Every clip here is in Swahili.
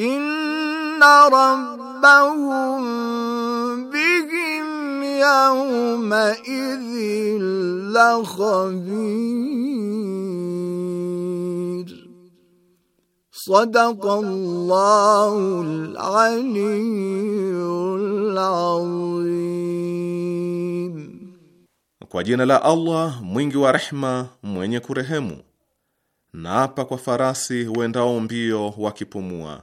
inna rabbahum bihim yawma idhin lakhabir صدق الله العلي العظيم Kwa jina la Allah mwingi wa rehma mwenye kurehemu. Naapa kwa farasi wendao mbio wakipumua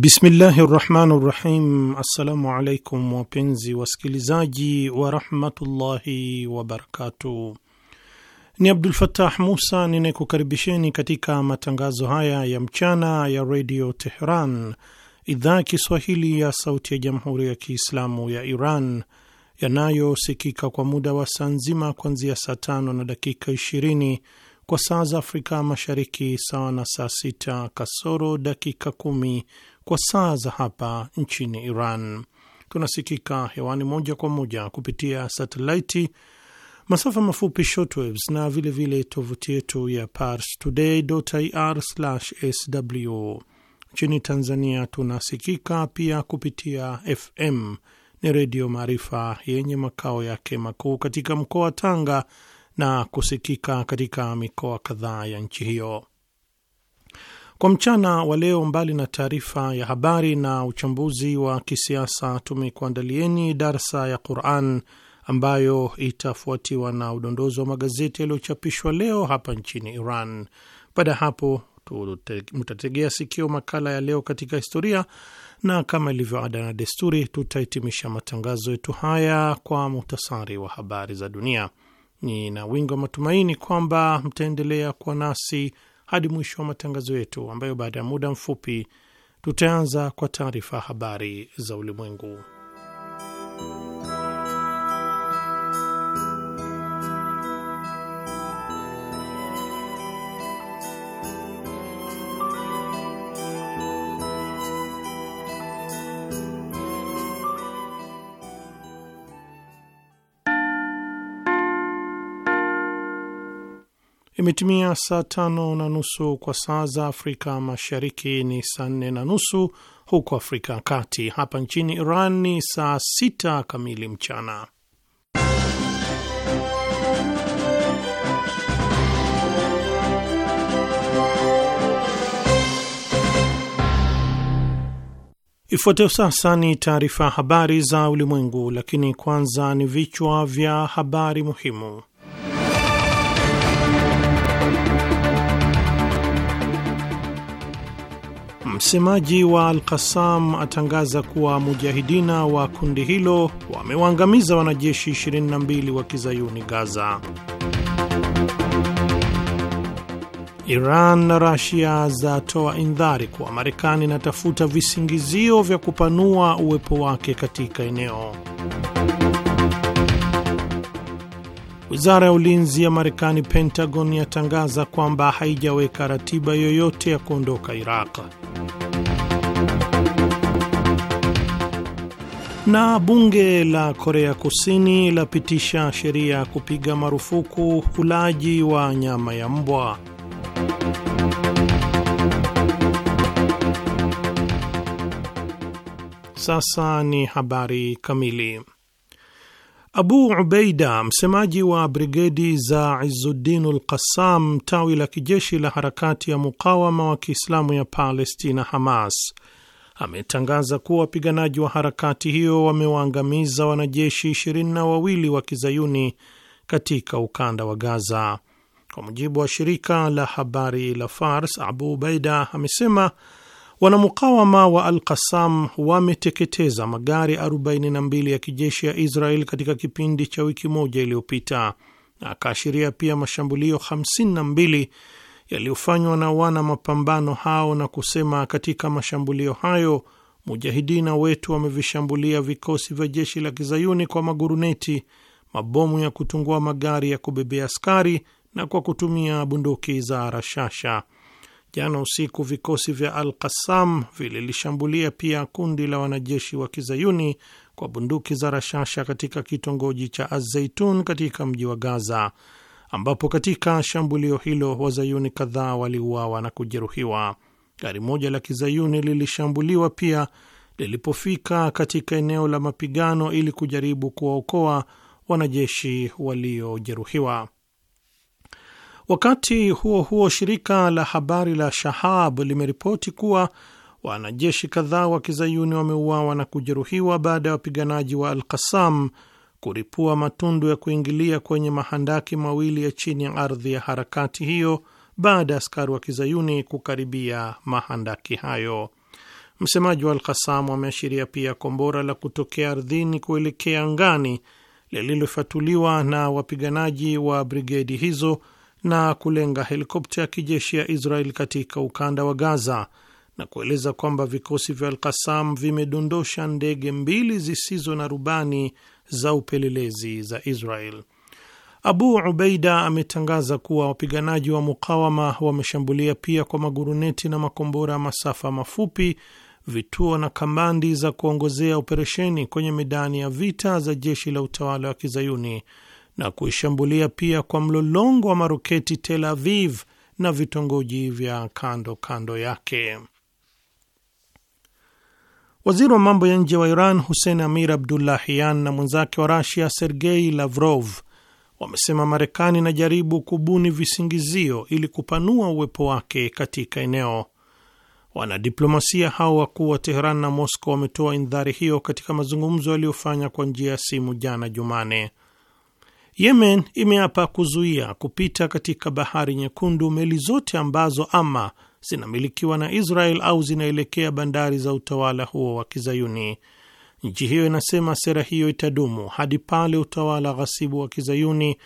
Bismillahi rahmani rahim. Assalamu alaikum wapenzi wasikilizaji warahmatullahi wabarakatuh. Ni Abdul Fattah Musa ninayekukaribisheni katika matangazo haya ya mchana ya redio Tehran, idhaa ya Kiswahili ya sauti ya jamhuri ya Kiislamu ya Iran yanayosikika kwa muda wa saa nzima kuanzia saa tano na dakika 20 kwa saa za Afrika Mashariki, sawa na saa sita kasoro dakika kumi kwa saa za hapa nchini Iran. Tunasikika hewani moja kwa moja kupitia satelaiti, masafa mafupi shortwaves na vilevile tovuti yetu ya pars today ir sw Nchini Tanzania tunasikika pia kupitia FM ni Redio Maarifa yenye makao yake makuu katika mkoa wa Tanga na kusikika katika mikoa kadhaa ya nchi hiyo. Kwa mchana wa leo, mbali na taarifa ya habari na uchambuzi wa kisiasa, tumekuandalieni darsa ya Quran ambayo itafuatiwa na udondozi wa magazeti yaliyochapishwa leo hapa nchini Iran. Baada ya hapo, mtategea sikio makala ya leo katika historia, na kama ilivyo ada na desturi, tutahitimisha matangazo yetu haya kwa muhtasari wa habari za dunia. Ni na wingi wa matumaini kwamba mtaendelea kuwa nasi hadi mwisho wa matangazo yetu, ambayo baada ya muda mfupi tutaanza kwa taarifa habari za ulimwengu. Imetimia saa tano na nusu kwa saa za Afrika Mashariki, ni saa nne na nusu huko Afrika ya Kati. Hapa nchini Iran ni saa sita kamili mchana. Ifuatayo sasa ni taarifa ya habari za ulimwengu, lakini kwanza ni vichwa vya habari muhimu. Msemaji wa Al-Qassam atangaza kuwa mujahidina wa kundi hilo wamewaangamiza wanajeshi 22 wa kizayuni Gaza. Iran na Rasia zatoa indhari kuwa Marekani inatafuta visingizio vya kupanua uwepo wake katika eneo Wizara ya ulinzi ya Marekani, Pentagon, yatangaza kwamba haijaweka ratiba yoyote ya kuondoka Iraq. Na bunge la Korea Kusini lapitisha sheria ya kupiga marufuku ulaji wa nyama ya mbwa. Sasa ni habari kamili. Abu Ubeida, msemaji wa brigedi za Izuddin al-Qassam, tawi la kijeshi la harakati ya mukawama wa Kiislamu ya Palestina, Hamas, ametangaza kuwa wapiganaji wa harakati hiyo wamewaangamiza wanajeshi ishirini na wawili wa kizayuni katika ukanda wa Gaza. Kwa mujibu wa shirika la habari la Fars, Abu ubaida amesema Wanamukawama wa Al-Qassam wameteketeza magari 42 ya kijeshi ya Israel katika kipindi cha wiki moja iliyopita, na akaashiria pia mashambulio 52 yaliyofanywa na wana mapambano hao na kusema, katika mashambulio hayo mujahidina wetu wamevishambulia vikosi vya jeshi la kizayuni kwa maguruneti, mabomu ya kutungua magari ya kubebea askari na kwa kutumia bunduki za rashasha. Jana usiku vikosi vya Al Qassam vililishambulia pia kundi la wanajeshi wa kizayuni kwa bunduki za rashasha katika kitongoji cha Azeitun katika mji wa Gaza, ambapo katika shambulio hilo wazayuni kadhaa waliuawa na kujeruhiwa. Gari moja la kizayuni lilishambuliwa pia lilipofika katika eneo la mapigano ili kujaribu kuwaokoa wanajeshi waliojeruhiwa. Wakati huo huo, shirika la habari la Shahab limeripoti kuwa wanajeshi kadhaa wa kizayuni wameuawa na kujeruhiwa baada ya wapiganaji wa Al Qasam kuripua matundu ya kuingilia kwenye mahandaki mawili ya chini ya ardhi ya harakati hiyo baada ya askari wa kizayuni kukaribia mahandaki hayo. Msemaji wa Alkasam ameashiria pia kombora la kutokea ardhini kuelekea angani lililofatuliwa na wapiganaji wa brigedi hizo na kulenga helikopta ya kijeshi ya Israel katika ukanda wa Gaza na kueleza kwamba vikosi vya Al-Qassam vimedondosha ndege mbili zisizo na rubani za upelelezi za Israel. Abu Ubeida ametangaza kuwa wapiganaji wa mukawama wameshambulia pia kwa maguruneti na makombora ya masafa mafupi vituo na kamandi za kuongozea operesheni kwenye medani ya vita za jeshi la utawala wa kizayuni na kuishambulia pia kwa mlolongo wa maroketi Tel Aviv na vitongoji vya kando kando yake. Waziri wa mambo ya nje wa Iran Hussein Amir Abdullahian na mwenzake wa Rasia Sergei Lavrov wamesema Marekani inajaribu kubuni visingizio ili kupanua uwepo wake katika eneo. Wanadiplomasia hao wakuu wa Teheran na Moscow wametoa indhari hiyo katika mazungumzo yaliyofanya kwa njia ya simu jana Jumane. Yemen imeapa kuzuia kupita katika bahari nyekundu meli zote ambazo ama zinamilikiwa na Israel au zinaelekea bandari za utawala huo wa Kizayuni. Nchi hiyo inasema sera hiyo itadumu hadi pale utawala ghasibu wa Kizayuni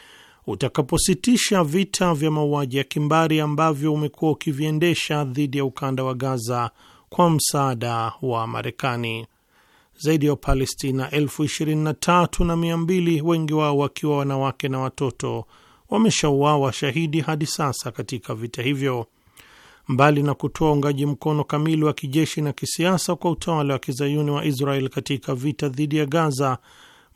utakapositisha vita vya mauaji ya kimbari ambavyo umekuwa ukiviendesha dhidi ya ukanda wa Gaza kwa msaada wa Marekani zaidi ya Wapalestina elfu ishirini na tatu na mia mbili, wengi wao wakiwa wanawake na watoto, wameshauawa shahidi hadi sasa katika vita hivyo. Mbali na kutoa uungaji mkono kamili wa kijeshi na kisiasa kwa utawala wa kizayuni wa Israel katika vita dhidi ya Gaza,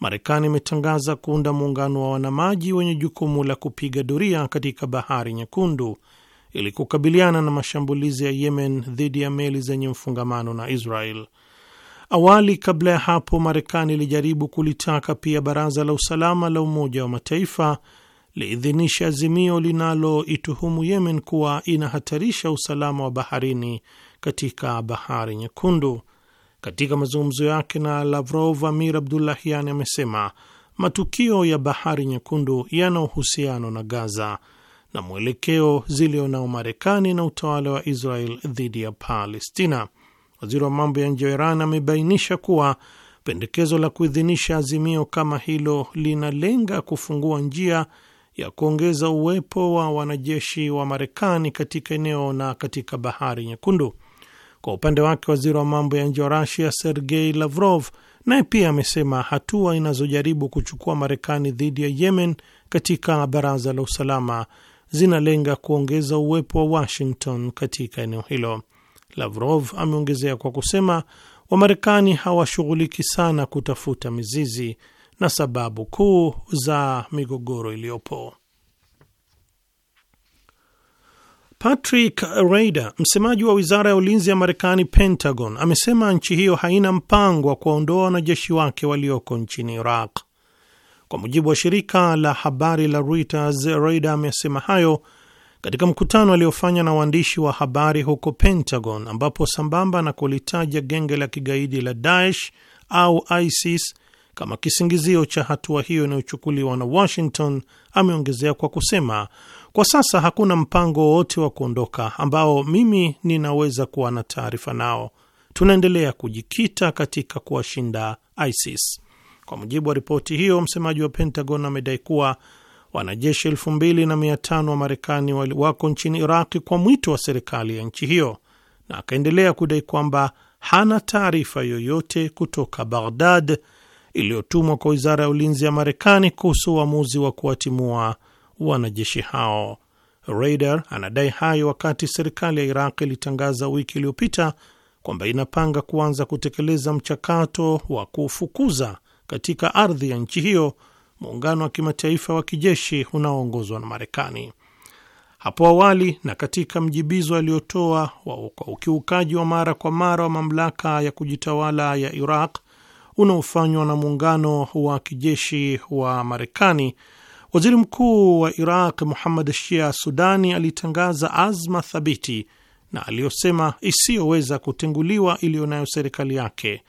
Marekani imetangaza kuunda muungano wa wanamaji wenye jukumu la kupiga doria katika Bahari Nyekundu ili kukabiliana na mashambulizi ya Yemen dhidi ya meli zenye mfungamano na Israel. Awali kabla ya hapo, Marekani ilijaribu kulitaka pia Baraza la Usalama la Umoja wa Mataifa liidhinisha azimio linaloituhumu Yemen kuwa inahatarisha usalama wa baharini katika Bahari Nyekundu. Katika mazungumzo yake na Lavrov, Amir Abdullahian amesema matukio ya Bahari Nyekundu yana uhusiano na Gaza na mwelekeo zilionao Marekani na utawala wa Israel dhidi ya Palestina. Waziri wa mambo ya nje wa Iran amebainisha kuwa pendekezo la kuidhinisha azimio kama hilo linalenga kufungua njia ya kuongeza uwepo wa wanajeshi wa Marekani katika eneo na katika bahari Nyekundu. Kwa upande wake, waziri wa mambo ya nje wa Rasia Sergei Lavrov naye pia amesema hatua inazojaribu kuchukua Marekani dhidi ya Yemen katika baraza la usalama zinalenga kuongeza uwepo wa Washington katika eneo hilo. Lavrov ameongezea kwa kusema Wamarekani hawashughuliki sana kutafuta mizizi na sababu kuu za migogoro iliyopo. Patrick Ryder, msemaji wa wizara ya ulinzi ya Marekani, Pentagon, amesema nchi hiyo haina mpango wa kuwaondoa wanajeshi wake walioko nchini Iraq. Kwa mujibu wa shirika la habari la Reuters, Ryder amesema hayo katika mkutano aliofanya na waandishi wa habari huko Pentagon, ambapo sambamba na kulitaja genge la kigaidi la Daesh au ISIS kama kisingizio cha hatua hiyo inayochukuliwa na Washington, ameongezea kwa kusema, kwa sasa hakuna mpango wowote wa kuondoka ambao mimi ninaweza kuwa na taarifa nao. Tunaendelea kujikita katika kuwashinda ISIS. Kwa mujibu wa ripoti hiyo, msemaji wa Pentagon amedai kuwa wanajeshi elfu mbili na mia tano wa Marekani wako nchini Iraqi kwa mwito wa serikali ya nchi hiyo, na akaendelea kudai kwamba hana taarifa yoyote kutoka Baghdad iliyotumwa kwa wizara ya ulinzi ya Marekani kuhusu uamuzi wa kuwatimua wanajeshi hao. reider anadai hayo wakati serikali ya Iraq ilitangaza wiki iliyopita kwamba inapanga kuanza kutekeleza mchakato wa kufukuza katika ardhi ya nchi hiyo muungano wa kimataifa wa kijeshi unaoongozwa na Marekani. Hapo awali na katika mjibizo aliotoa kwa ukiukaji wa mara kwa mara wa mamlaka ya kujitawala ya Iraq unaofanywa na muungano wa kijeshi wa Marekani, waziri mkuu wa Iraq Muhammad Shia Sudani alitangaza azma thabiti na aliyosema isiyoweza kutenguliwa iliyo nayo serikali yake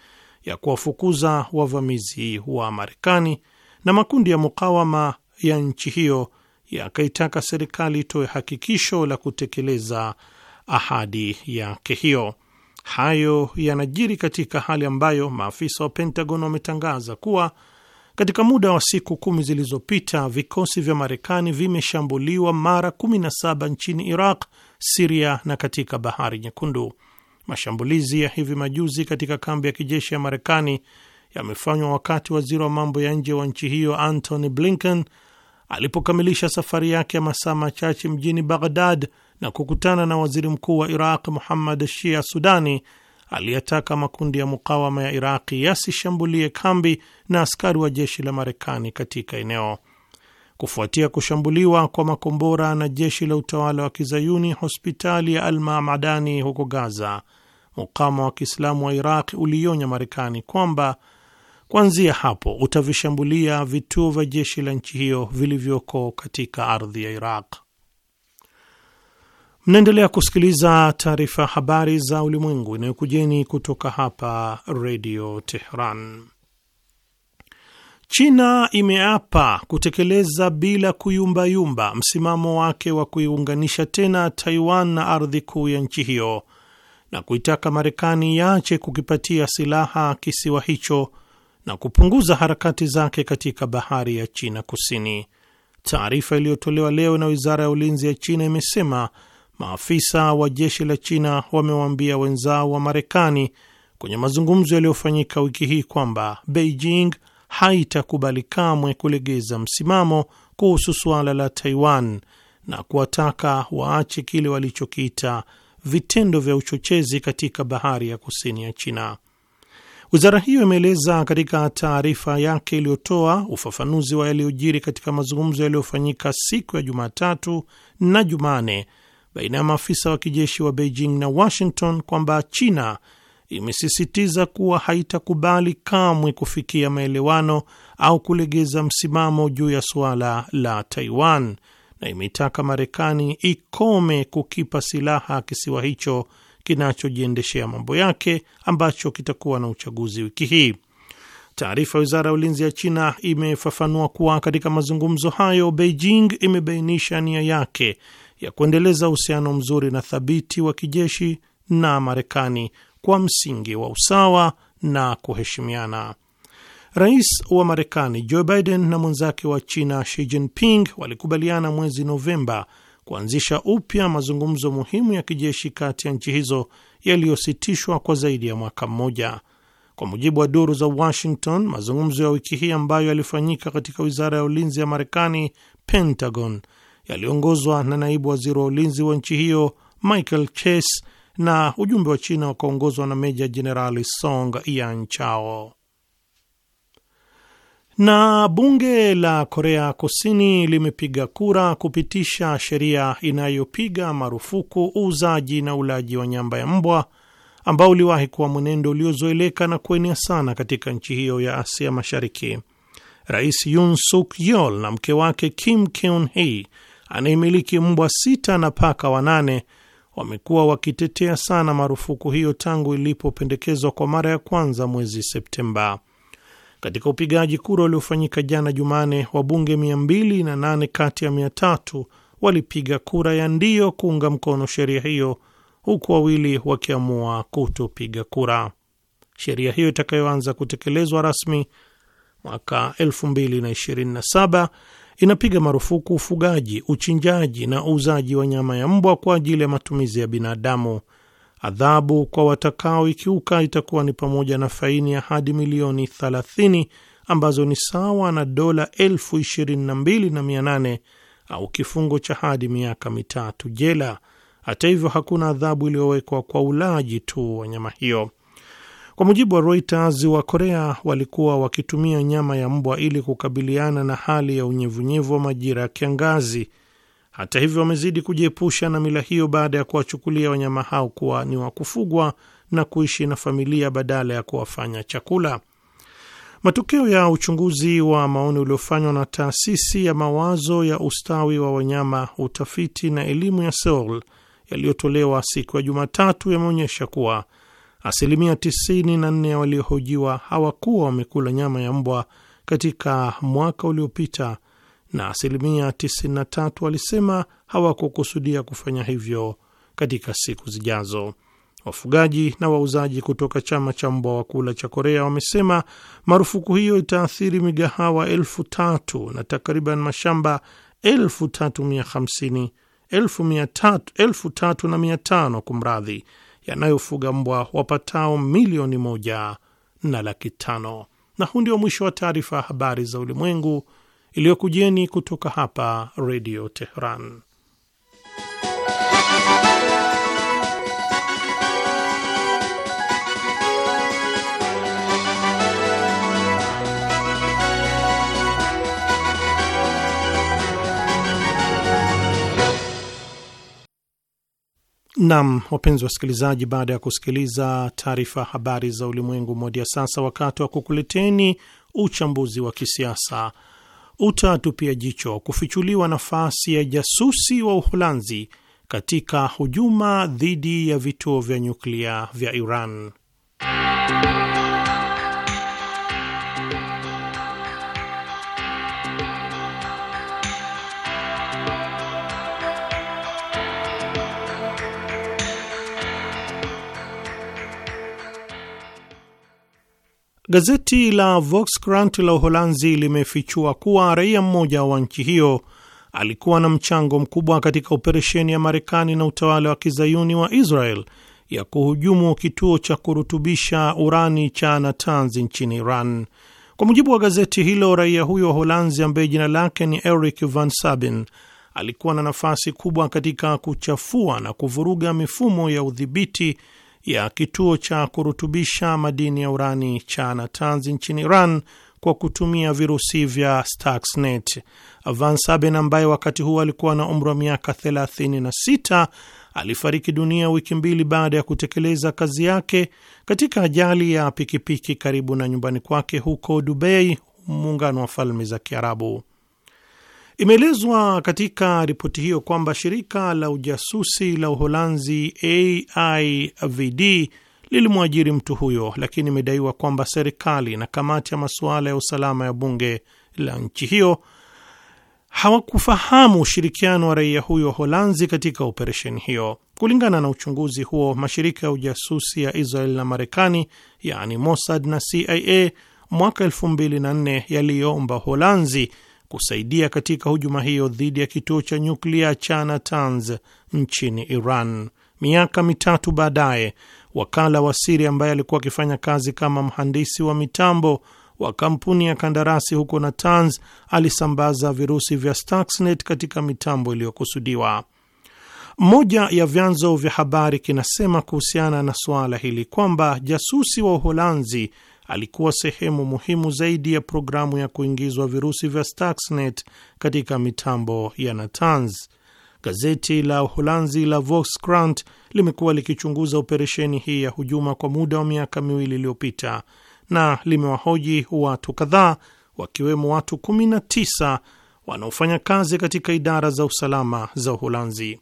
ya kuwafukuza wavamizi wa Marekani na makundi ya mukawama ya nchi hiyo yakaitaka serikali itoe hakikisho la kutekeleza ahadi yake hiyo. Hayo yanajiri katika hali ambayo maafisa wa Pentagon wametangaza kuwa katika muda wa siku kumi zilizopita vikosi vya Marekani vimeshambuliwa mara 17 nchini Iraq, Siria na katika Bahari Nyekundu. Mashambulizi ya hivi majuzi katika kambi ya kijeshi ya Marekani yamefanywa wakati waziri wa mambo ya nje wa nchi hiyo Antony Blinken alipokamilisha safari yake ya masaa machache mjini Baghdad na kukutana na waziri mkuu wa Iraq Muhammad Shia Sudani aliyetaka makundi ya mukawama ya Iraqi yasishambulie kambi na askari wa jeshi la Marekani katika eneo. Kufuatia kushambuliwa kwa makombora na jeshi la utawala wa kizayuni hospitali ya Almamadani huko Gaza, mukawama wa Kiislamu wa Iraq ulionya Marekani kwamba Kuanzia hapo utavishambulia vituo vya jeshi la nchi hiyo vilivyoko katika ardhi ya Iraq. Mnaendelea kusikiliza taarifa ya habari za ulimwengu inayokujeni kutoka hapa Redio Tehran. China imeapa kutekeleza bila kuyumbayumba msimamo wake wa kuiunganisha tena Taiwan na ardhi kuu ya nchi hiyo na kuitaka Marekani iache kukipatia silaha kisiwa hicho na kupunguza harakati zake katika bahari ya China Kusini. Taarifa iliyotolewa leo na wizara ya ulinzi ya China imesema maafisa wa jeshi la China wamewaambia wenzao wa Marekani kwenye mazungumzo yaliyofanyika wiki hii kwamba Beijing haitakubali kamwe kulegeza msimamo kuhusu suala la Taiwan na kuwataka waache kile walichokiita vitendo vya uchochezi katika bahari ya kusini ya China. Wizara hiyo imeeleza katika taarifa yake iliyotoa ufafanuzi wa yaliyojiri katika mazungumzo yaliyofanyika siku ya Jumatatu na Jumane baina ya maafisa wa kijeshi wa Beijing na Washington kwamba China imesisitiza kuwa haitakubali kamwe kufikia maelewano au kulegeza msimamo juu ya suala la Taiwan na imeitaka Marekani ikome kukipa silaha kisiwa hicho kinachojiendeshea mambo yake ambacho kitakuwa na uchaguzi wiki hii. Taarifa ya wizara ya ulinzi ya China imefafanua kuwa katika mazungumzo hayo, Beijing imebainisha nia yake ya kuendeleza uhusiano mzuri na thabiti wa kijeshi na Marekani kwa msingi wa usawa na kuheshimiana. Rais wa Marekani Joe Biden na mwenzake wa China Xi Jinping walikubaliana mwezi Novemba kuanzisha upya mazungumzo muhimu ya kijeshi kati ya nchi hizo yaliyositishwa kwa zaidi ya mwaka mmoja. Kwa mujibu wa duru za Washington, mazungumzo ya wiki hii ambayo yalifanyika katika wizara ya ulinzi ya Marekani, Pentagon, yaliongozwa na naibu waziri wa ulinzi wa nchi hiyo Michael Chase na ujumbe wa China wakaongozwa na meja jenerali Song Yan Chao. Na bunge la Korea Kusini limepiga kura kupitisha sheria inayopiga marufuku uuzaji na ulaji wa nyamba ya mbwa ambao uliwahi kuwa mwenendo uliozoeleka na kuenea sana katika nchi hiyo ya Asia Mashariki. Rais Yoon Suk Yeol na mke wake Kim Keun Hee anayemiliki mbwa sita na paka wanane wamekuwa wakitetea sana marufuku hiyo tangu ilipopendekezwa kwa mara ya kwanza mwezi Septemba. Katika upigaji kura uliofanyika jana Jumane, wabunge 208 kati ya 300 walipiga kura ya ndio kuunga mkono sheria hiyo, huku wawili wakiamua kutopiga kura. Sheria hiyo itakayoanza kutekelezwa rasmi mwaka 2027 inapiga marufuku ufugaji, uchinjaji na uuzaji wa nyama ya mbwa kwa ajili ya matumizi ya binadamu Adhabu kwa watakaoikiuka itakuwa ni pamoja na faini ya hadi milioni 30 ambazo ni sawa na dola elfu ishirini na mbili na mia nane au kifungo cha hadi miaka mitatu jela. Hata hivyo, hakuna adhabu iliyowekwa kwa ulaji tu wa nyama hiyo. Kwa mujibu wa Reuters, wa Korea walikuwa wakitumia nyama ya mbwa ili kukabiliana na hali ya unyevunyevu wa majira ya kiangazi hata hivyo, wamezidi kujiepusha na mila hiyo baada ya kuwachukulia wanyama hao kuwa ni wa kufugwa na kuishi na familia badala ya kuwafanya chakula. Matokeo ya uchunguzi wa maoni uliofanywa na taasisi ya mawazo ya ustawi wa wanyama, utafiti na elimu ya Seoul yaliyotolewa siku ya Jumatatu yameonyesha kuwa asilimia 94 ya waliohojiwa hawakuwa wamekula nyama ya mbwa katika mwaka uliopita na asilimia 93 walisema hawakukusudia kufanya hivyo katika siku zijazo. Wafugaji na wauzaji kutoka chama cha mbwa wa kula cha Korea wamesema marufuku hiyo itaathiri migahawa elfu tatu na takriban mashamba elfu tatu mia hamsini elfu tatu na mia tano kumradhi, yanayofuga mbwa wapatao milioni moja na laki tano. Na huu ndio mwisho wa taarifa ya habari za ulimwengu iliyokujeni kutoka hapa Redio Teheran. Nam, wapenzi wasikilizaji, baada ya kusikiliza taarifa habari za ulimwengu moja, sasa wakati wa kukuleteni uchambuzi wa kisiasa utatupia jicho kufichuliwa nafasi ya jasusi wa Uholanzi katika hujuma dhidi ya vituo vya nyuklia vya Iran. Gazeti la Volkskrant la Uholanzi limefichua kuwa raia mmoja wa nchi hiyo alikuwa na mchango mkubwa katika operesheni ya Marekani na utawala wa kizayuni wa Israel ya kuhujumu kituo cha kurutubisha urani cha Natanz nchini Iran. Kwa mujibu wa gazeti hilo, raia huyo wa Holanzi ambaye jina lake ni Eric Van Sabin alikuwa na nafasi kubwa katika kuchafua na kuvuruga mifumo ya udhibiti ya kituo cha kurutubisha madini ya urani cha Natanz nchini Iran kwa kutumia virusi vya Stuxnet. van Saben ambaye wakati huo alikuwa na umri wa miaka 36 alifariki dunia wiki mbili baada ya kutekeleza kazi yake katika ajali ya pikipiki karibu na nyumbani kwake huko Dubai, Muungano wa Falme za Kiarabu. Imeelezwa katika ripoti hiyo kwamba shirika la ujasusi la Uholanzi AIVD lilimwajiri mtu huyo, lakini imedaiwa kwamba serikali na kamati ya masuala ya usalama ya bunge la nchi hiyo hawakufahamu ushirikiano wa raia huyo wa Holanzi katika operesheni hiyo. Kulingana na uchunguzi huo, mashirika ya ujasusi ya Israel na Marekani, yaani Mossad na CIA, mwaka 2004 yaliyoomba Holanzi kusaidia katika hujuma hiyo dhidi ya kituo cha nyuklia cha Natanz nchini Iran. Miaka mitatu baadaye, wakala wa siri ambaye alikuwa akifanya kazi kama mhandisi wa mitambo wa kampuni ya kandarasi huko Natanz alisambaza virusi vya Stuxnet katika mitambo iliyokusudiwa. Moja ya vyanzo vya habari kinasema kuhusiana na suala hili kwamba jasusi wa Uholanzi alikuwa sehemu muhimu zaidi ya programu ya kuingizwa virusi vya Stuxnet katika mitambo ya Natanz. Gazeti la Uholanzi la Volkskrant limekuwa likichunguza operesheni hii ya hujuma kwa muda wa miaka miwili iliyopita na limewahoji watu kadhaa wakiwemo watu 19 wanaofanya kazi katika idara za usalama za Uholanzi.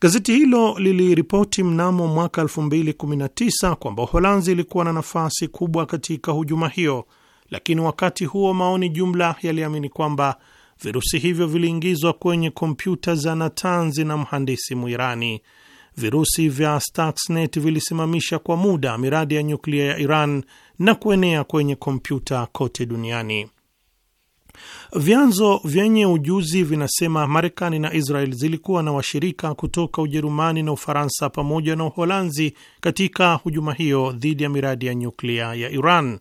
Gazeti hilo liliripoti mnamo mwaka 2019 kwamba Uholanzi ilikuwa na nafasi kubwa katika hujuma hiyo, lakini wakati huo maoni jumla yaliamini kwamba virusi hivyo viliingizwa kwenye kompyuta za Natanzi na mhandisi Mwirani. Virusi vya Stuxnet vilisimamisha kwa muda miradi ya nyuklia ya Iran na kuenea kwenye kompyuta kote duniani. Vyanzo vyenye ujuzi vinasema Marekani na Israel zilikuwa na washirika kutoka Ujerumani na Ufaransa pamoja na Uholanzi katika hujuma hiyo dhidi ya miradi ya nyuklia ya Iran.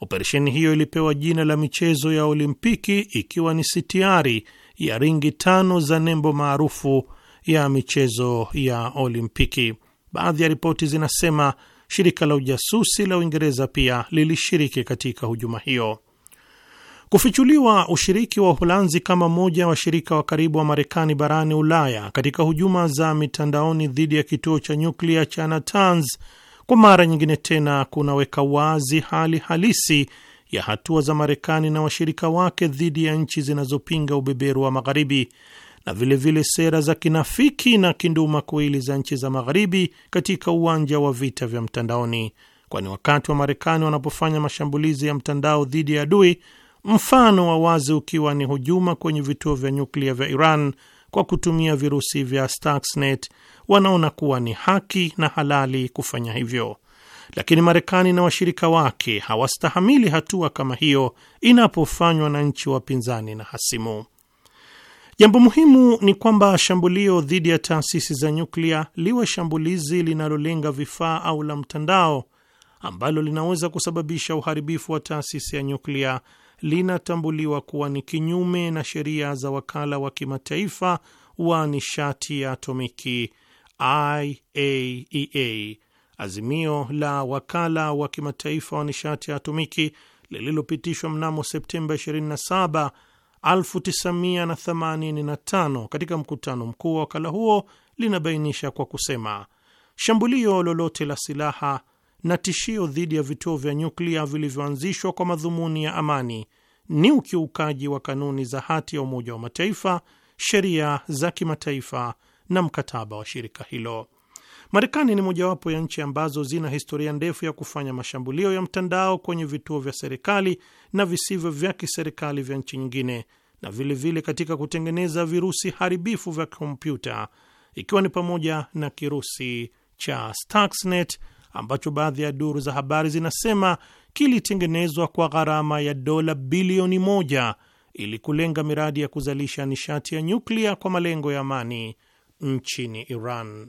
Operesheni hiyo ilipewa jina la michezo ya Olimpiki, ikiwa ni sitiari ya ringi tano za nembo maarufu ya michezo ya Olimpiki. Baadhi ya ripoti zinasema shirika la ujasusi la Uingereza pia lilishiriki katika hujuma hiyo. Kufichuliwa ushiriki wa Uholanzi kama mmoja wa washirika wa karibu wa Marekani barani Ulaya katika hujuma za mitandaoni dhidi ya kituo cha nyuklia cha Natanz kwa mara nyingine tena kunaweka wazi hali halisi ya hatua za Marekani na washirika wake dhidi ya nchi zinazopinga ubeberu wa Magharibi na vilevile vile sera za kinafiki na kinduma kuili za nchi za Magharibi katika uwanja wa vita vya mtandaoni, kwani wakati wa Marekani wanapofanya mashambulizi ya mtandao dhidi ya adui mfano wa wazi ukiwa ni hujuma kwenye vituo vya nyuklia vya Iran kwa kutumia virusi vya Stuxnet, wanaona kuwa ni haki na halali kufanya hivyo, lakini Marekani na washirika wake hawastahamili hatua kama hiyo inapofanywa na nchi wapinzani na hasimu. Jambo muhimu ni kwamba shambulio dhidi ya taasisi za nyuklia, liwe shambulizi linalolenga vifaa au la mtandao, ambalo linaweza kusababisha uharibifu wa taasisi ya nyuklia linatambuliwa kuwa ni kinyume na sheria za wakala wa kimataifa wa nishati ya atomiki IAEA. E Azimio la wakala wa kimataifa wa nishati ya atomiki lililopitishwa mnamo Septemba 27, 1985 katika mkutano mkuu wa wakala huo linabainisha kwa kusema, shambulio lolote la silaha na tishio dhidi ya vituo vya nyuklia vilivyoanzishwa kwa madhumuni ya amani ni ukiukaji wa kanuni za hati ya Umoja wa Mataifa, sheria za kimataifa na mkataba wa shirika hilo. Marekani ni mojawapo ya nchi ambazo zina historia ndefu ya kufanya mashambulio ya mtandao kwenye vituo vya serikali na visivyo vya kiserikali vya nchi nyingine na vilevile vile katika kutengeneza virusi haribifu vya kompyuta ikiwa ni pamoja na kirusi cha Stuxnet ambacho baadhi ya duru za habari zinasema kilitengenezwa kwa gharama ya dola bilioni moja ili kulenga miradi ya kuzalisha nishati ya nyuklia kwa malengo ya amani nchini Iran.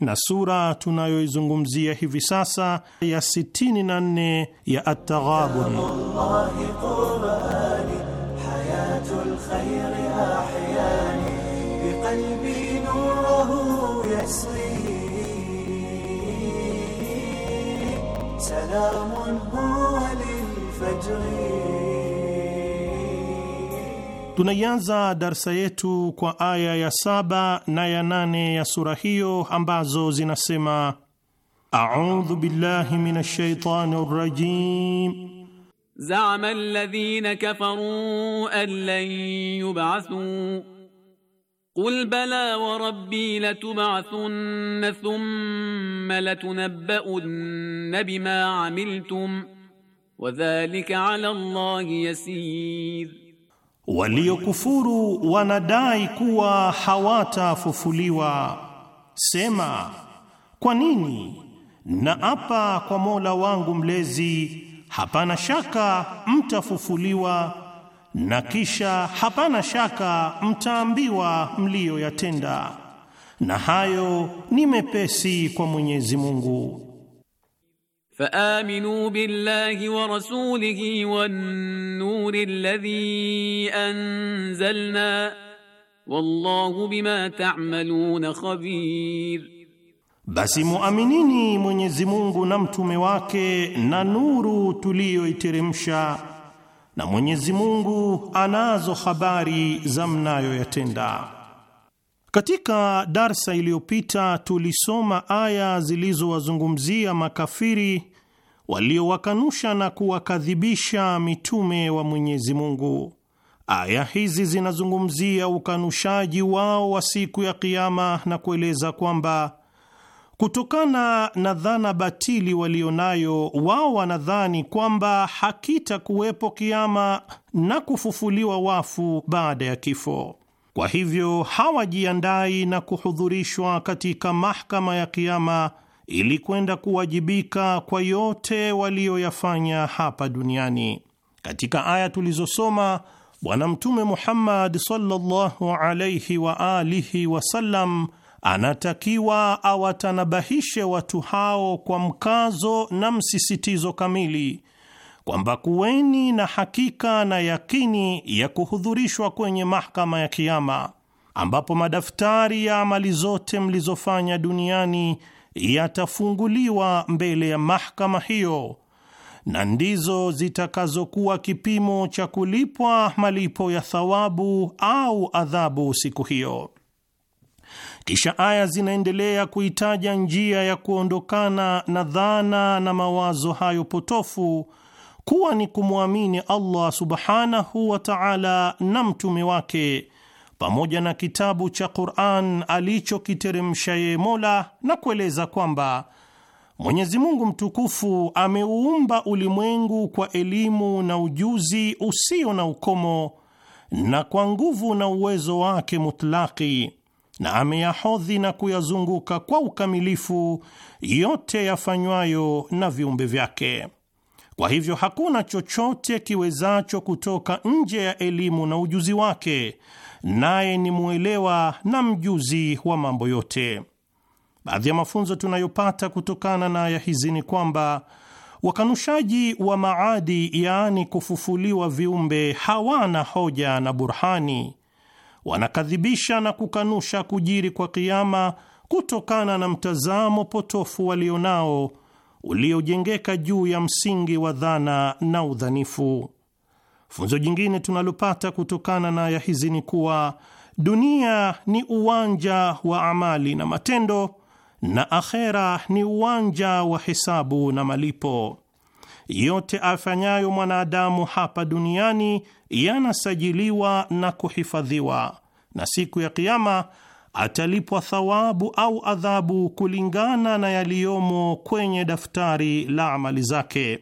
na sura tunayoizungumzia hivi sasa ya 64 ya At-Taghabun. Tunaianza darsa yetu kwa aya ya saba na ya nane ya sura hiyo ambazo zinasema: audhu billahi minash shaitani rajim zama alladhina kafaru an lan yub'athu qul bala wa rabbi latub'athunna thumma latunabba'unna bima amiltum wa dhalika ala Allahi yasir Waliokufuru wanadai kuwa hawatafufuliwa. Sema, kwa nini? na apa kwa Mola wangu mlezi, hapana shaka mtafufuliwa, na kisha hapana shaka mtaambiwa mliyoyatenda, na hayo ni mepesi kwa Mwenyezi Mungu. فامنوا بالله ورسوله والنور الذي انزلنا والله بما تعملون خبير basi muaminini Mwenyezi Mungu na mtume wake na nuru tuliyoiteremsha na Mwenyezi Mungu anazo habari za mnayoyatenda Katika darsa iliyopita tulisoma aya zilizowazungumzia makafiri waliowakanusha na kuwakadhibisha mitume wa Mwenyezi Mungu. Aya hizi zinazungumzia ukanushaji wao wa siku ya Kiama na kueleza kwamba kutokana na dhana batili walio nayo wao wanadhani kwamba hakitakuwepo kiama na kufufuliwa wafu baada ya kifo. Kwa hivyo hawajiandai na kuhudhurishwa katika mahakama ya Kiama ili kwenda kuwajibika kwa yote waliyoyafanya hapa duniani. Katika aya tulizosoma, Bwana Mtume Muhammad sallallahu wa alihi wasallam anatakiwa awatanabahishe watu hao kwa mkazo na msisitizo kamili kwamba kuweni na hakika na yakini ya kuhudhurishwa kwenye mahakama ya Kiama, ambapo madaftari ya amali zote mlizofanya duniani yatafunguliwa mbele ya mahakama hiyo, na ndizo zitakazokuwa kipimo cha kulipwa malipo ya thawabu au adhabu siku hiyo. Kisha aya zinaendelea kuitaja njia ya kuondokana na dhana na mawazo hayo potofu kuwa ni kumwamini Allah subhanahu wa ta'ala na mtume wake pamoja na kitabu cha Qur'an alichokiteremsha yeye Mola, na kueleza kwamba Mwenyezi Mungu mtukufu ameuumba ulimwengu kwa elimu na ujuzi usio na ukomo na kwa nguvu na uwezo wake mutlaki, na ameyahodhi na kuyazunguka kwa ukamilifu yote yafanywayo na viumbe vyake. Kwa hivyo hakuna chochote kiwezacho kutoka nje ya elimu na ujuzi wake, naye ni mwelewa na mjuzi wa mambo yote. Baadhi ya mafunzo tunayopata kutokana na aya hizi ni kwamba wakanushaji wa maadi, yaani kufufuliwa viumbe, hawana hoja na burhani, wanakadhibisha na kukanusha kujiri kwa kiama kutokana na mtazamo potofu walionao uliojengeka juu ya msingi wa dhana na udhanifu. Funzo jingine tunalopata kutokana na aya hizi ni kuwa dunia ni uwanja wa amali na matendo na akhera ni uwanja wa hesabu na malipo. Yote afanyayo mwanadamu hapa duniani yanasajiliwa na kuhifadhiwa, na siku ya Kiama atalipwa thawabu au adhabu kulingana na yaliyomo kwenye daftari la amali zake.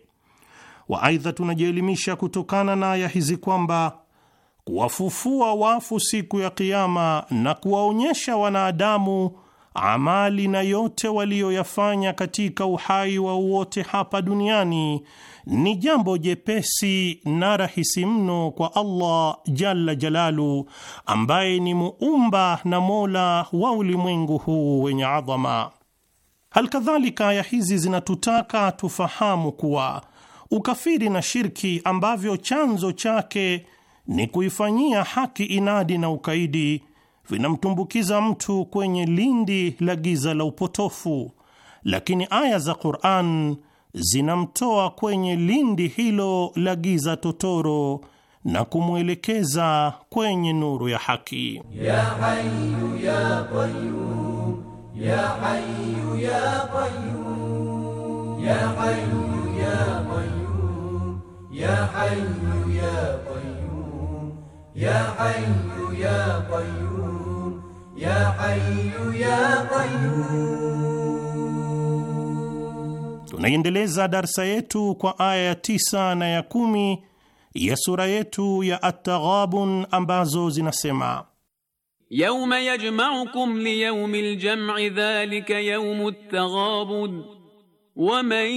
wa Aidha, tunajielimisha kutokana na aya hizi kwamba kuwafufua wafu siku ya Kiama na kuwaonyesha wanadamu amali na yote waliyoyafanya katika uhai wa wote hapa duniani ni jambo jepesi na rahisi mno kwa Allah jalla jalalu, ambaye ni muumba na mola wa ulimwengu huu wenye adhama. Halkadhalika, aya hizi zinatutaka tufahamu kuwa ukafiri na shirki ambavyo chanzo chake ni kuifanyia haki inadi na ukaidi vinamtumbukiza mtu kwenye lindi la giza la upotofu, lakini aya za Qur'an zinamtoa kwenye lindi hilo la giza totoro na kumwelekeza kwenye nuru ya haki. Ya hayu ya Qayyum, ya ya Qayyum, ya ya Qayyum, ya ya Qayyum, ya ya Qayyum ya hayyu ya qayyum. Tunaiendeleza darsa yetu kwa aya ya tisa na ya kumi ya sura yetu ya At-Taghabun ambazo zinasema Yawma yajma'ukum li yawmil jam'i dhalika yawmut taghabun ومن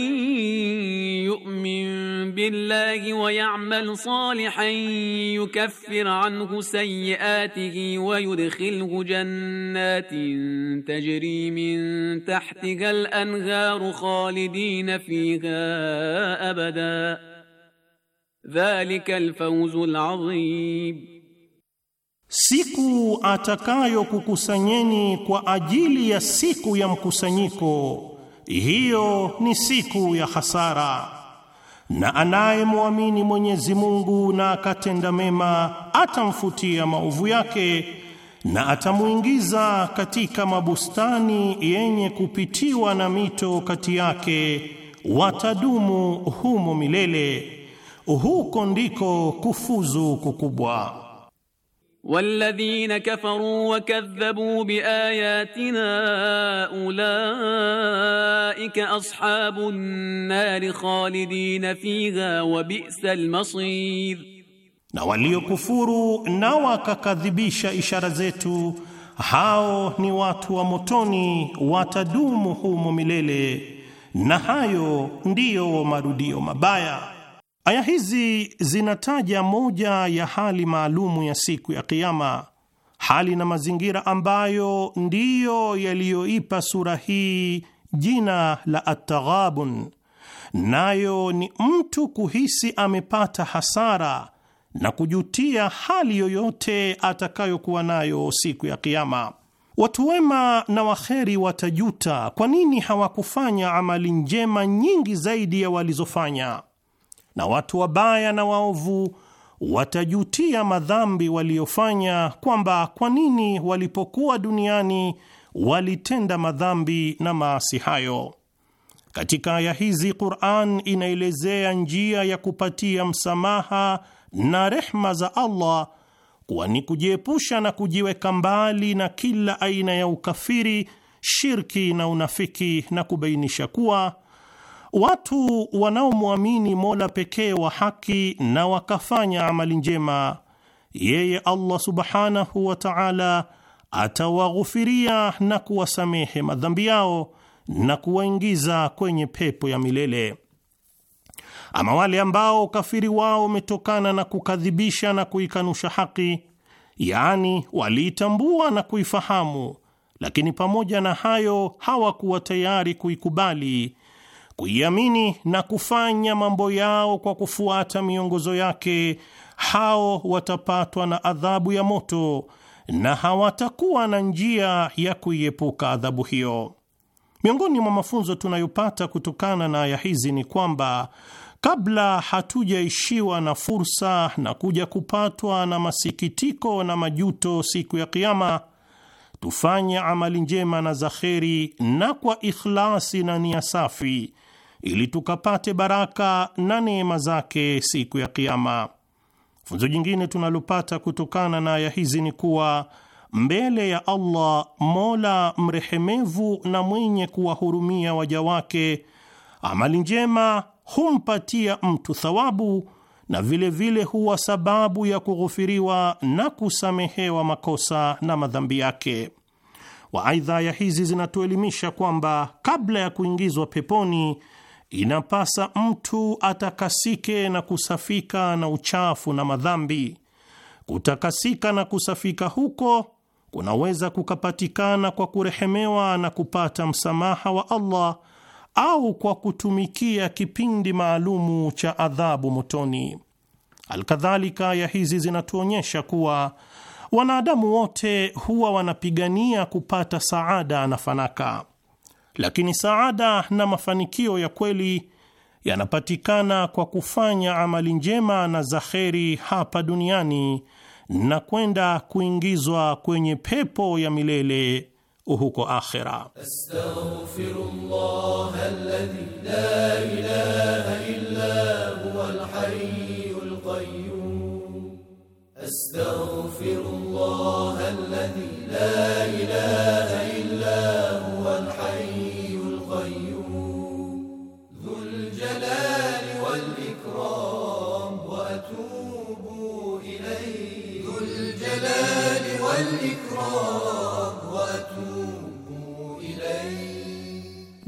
يؤمن بالله ويعمل صالحا يكفر عنه سيئاته ويدخله جنات تجري من تحتها الانهار خالدين فيها ابدا ذلك الفوز العظيم siku atakayokukusanyeni kwa ajili ya siku ya mkusanyiko hiyo ni siku ya hasara. Na anayemwamini Mwenyezi Mungu na akatenda mema, atamfutia maovu yake na atamwingiza katika mabustani yenye kupitiwa na mito kati yake, watadumu humo milele. Huko ndiko kufuzu kukubwa. والذين كفروا وكذبوا باياتنا اولئك اصحاب النار خالدين فيها وبئس المصير نواليكفروا نواككذبش إشارة زيتو هاو نوات وموتوني واتدوم هوم مليلي نهايو نديو مرديو مبايا Aya hizi zinataja moja ya hali maalumu ya siku ya Kiama, hali na mazingira ambayo ndiyo yaliyoipa sura hii jina la ataghabun, nayo ni mtu kuhisi amepata hasara na kujutia hali yoyote atakayokuwa nayo siku ya Kiama. Watu wema na waheri watajuta kwa nini hawakufanya amali njema nyingi zaidi ya walizofanya na watu wabaya na waovu watajutia madhambi waliyofanya, kwamba kwa nini walipokuwa duniani walitenda madhambi na maasi hayo. Katika aya hizi Qur'an inaelezea njia ya kupatia msamaha na rehma za Allah, kuwa ni kujiepusha na kujiweka mbali na kila aina ya ukafiri, shirki na unafiki, na kubainisha kuwa Watu wanaomwamini Mola pekee wa haki na wakafanya amali njema, yeye Allah subhanahu wa ta'ala atawaghufiria na kuwasamehe madhambi yao na kuwaingiza kwenye pepo ya milele. Ama wale ambao ukafiri wao umetokana na kukadhibisha na kuikanusha haki, yaani waliitambua na kuifahamu, lakini pamoja na hayo hawakuwa tayari kuikubali kuiamini na kufanya mambo yao kwa kufuata miongozo yake, hao watapatwa na adhabu ya moto na hawatakuwa na njia ya kuiepuka adhabu hiyo. Miongoni mwa mafunzo tunayopata kutokana na aya hizi ni kwamba kabla hatujaishiwa na fursa na kuja kupatwa na masikitiko na majuto siku ya Kiama, tufanye amali njema na za kheri na kwa ikhlasi na nia safi, ili tukapate baraka na neema zake siku ya Kiama. Funzo jingine tunalopata kutokana na aya hizi ni kuwa mbele ya Allah mola mrehemevu na mwenye kuwahurumia waja wake, amali njema humpatia mtu thawabu na vilevile vile huwa sababu ya kughufiriwa na kusamehewa makosa na madhambi yake. Waaidha, aya hizi zinatuelimisha kwamba kabla ya kuingizwa peponi inapasa mtu atakasike na kusafika na uchafu na madhambi. Kutakasika na kusafika huko kunaweza kukapatikana kwa kurehemewa na kupata msamaha wa Allah au kwa kutumikia kipindi maalumu cha adhabu motoni. Alkadhalika, ya hizi zinatuonyesha kuwa wanadamu wote huwa wanapigania kupata saada na fanaka lakini saada na mafanikio ya kweli yanapatikana kwa kufanya amali njema na za kheri hapa duniani na kwenda kuingizwa kwenye pepo ya milele huko akhera. Astaghfirullah alladhi la ilaha illa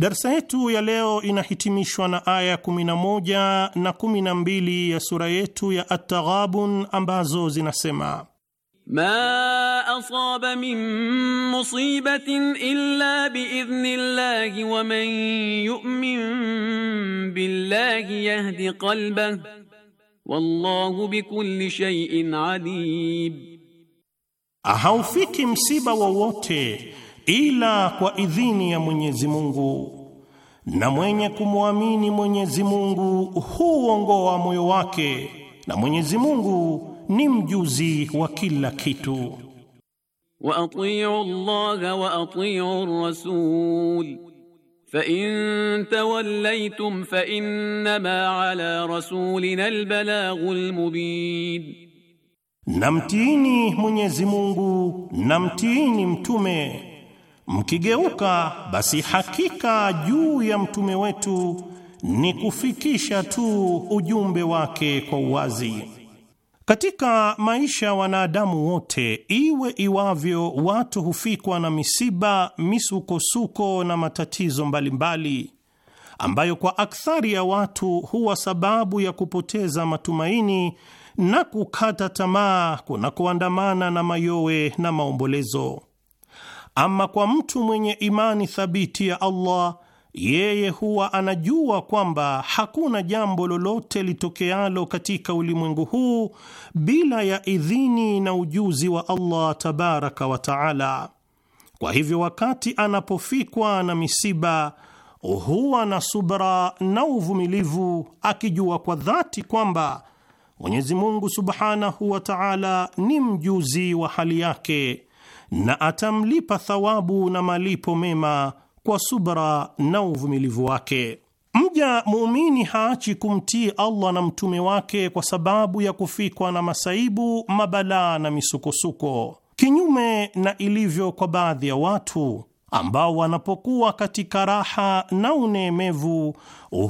Darsa yetu ya leo inahitimishwa na aya 11 na 12 ya sura yetu ya At-Taghabun ambazo zinasema: ma asaba min musibatin illa biidhni llahi wa man yu'min billahi yahdi qalbah wallahu bikulli shay'in alim, haufiki msiba wowote ila kwa idhini ya Mwenyezi Mungu, na mwenye kumwamini Mwenyezi Mungu huongoa moyo wake, na Mwenyezi Mungu ni mjuzi wa kila kitu. wa atiiu Allah wa atiiu Rasul fa in tawallaytum fa ma ala rasulina albalaghul mubin, namtiini Mwenyezi Mungu mtiini mtume Mkigeuka basi hakika juu ya mtume wetu ni kufikisha tu ujumbe wake kwa uwazi. Katika maisha wanadamu wote, iwe iwavyo, watu hufikwa na misiba, misukosuko na matatizo mbalimbali mbali, ambayo kwa akthari ya watu huwa sababu ya kupoteza matumaini na kukata tamaa kunakoandamana na mayowe na maombolezo. Ama kwa mtu mwenye imani thabiti ya Allah, yeye huwa anajua kwamba hakuna jambo lolote litokealo katika ulimwengu huu bila ya idhini na ujuzi wa Allah tabaraka wa taala. Kwa hivyo, wakati anapofikwa na misiba huwa na subra na uvumilivu, akijua kwa dhati kwamba Mwenyezi Mungu subhanahu wa taala ni mjuzi wa hali yake na atamlipa thawabu na malipo mema kwa subra na uvumilivu wake. Mja muumini haachi kumtii Allah na mtume wake kwa sababu ya kufikwa na masaibu, mabalaa na misukosuko, kinyume na ilivyo kwa baadhi ya watu ambao wanapokuwa katika raha na uneemevu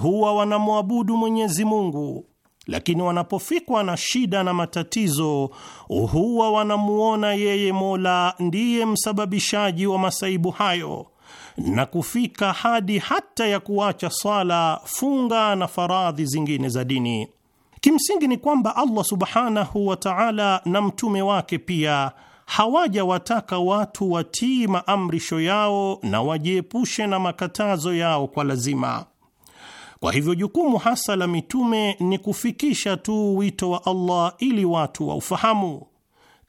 huwa wanamwabudu Mwenyezi Mungu lakini wanapofikwa na shida na matatizo huwa wanamuona yeye Mola ndiye msababishaji wa masaibu hayo na kufika hadi hata ya kuacha swala, funga na faradhi zingine za dini. Kimsingi ni kwamba Allah subhanahu wa ta'ala na mtume wake pia hawajawataka watu watii maamrisho yao na wajiepushe na makatazo yao kwa lazima kwa hivyo jukumu hasa la mitume ni kufikisha tu wito wa Allah ili watu waufahamu.